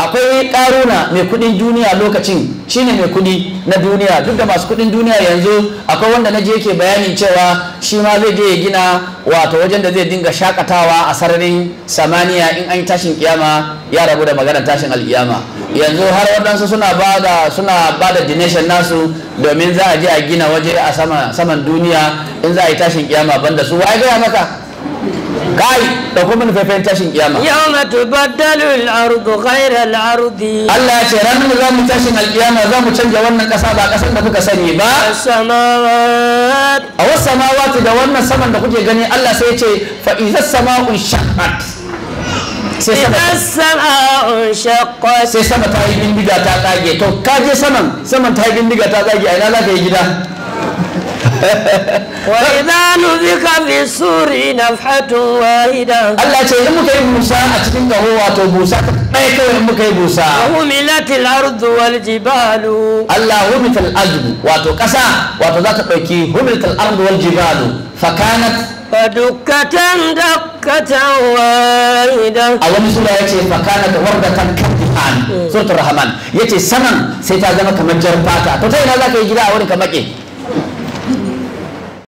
akwai karuna mai kudin duniya lokacin shine mai kudi na duniya duk da masu kudin duniya yanzu akwai wanda na je ke bayanin cewa shi ma zai je ya gina wato wajen da zai dinga shakatawa a sararin samaniya in an tashin kiyama ya rabu da maganar tashin alkiyama yanzu har waɗansu suna ba da suna ba da donation nasu domin za a je a gina waje a saman duniya in za a yi tashin kiyama banda su wai gaya maka kai da kuma mun fafen tashin kiyama yawma tubaddalu al-ardu ghayra al-ardi Allah ya ce ranar da mu tashin al-kiyama mu canja wannan kasa ba kasar da kuka sani ba samawat a wasu samawati da wannan saman da kuke gani Allah sai ya ce fa sama sama'u shaqqat sai sama ta yi bindiga ta kage to kaje saman saman ta yi bindiga ta kage a ina za ka yi gida وإذا نذك في السور نفحة واحدة الله ce in muka yi busa a cikin gaho wato busa ta ɗaya kawai in yi busa humilat al-ardu wal jibalu Allah humilat al wato ƙasa wato za ta ɗauki humilat al-ardu wal jibalu fakanat fadukatan dakkatan wahidan a wani sura yace fakanat wardatan kadhan hmm. suratul sanan sai ta zama kamar jar fata zaka yi gida a wurin ka maƙe.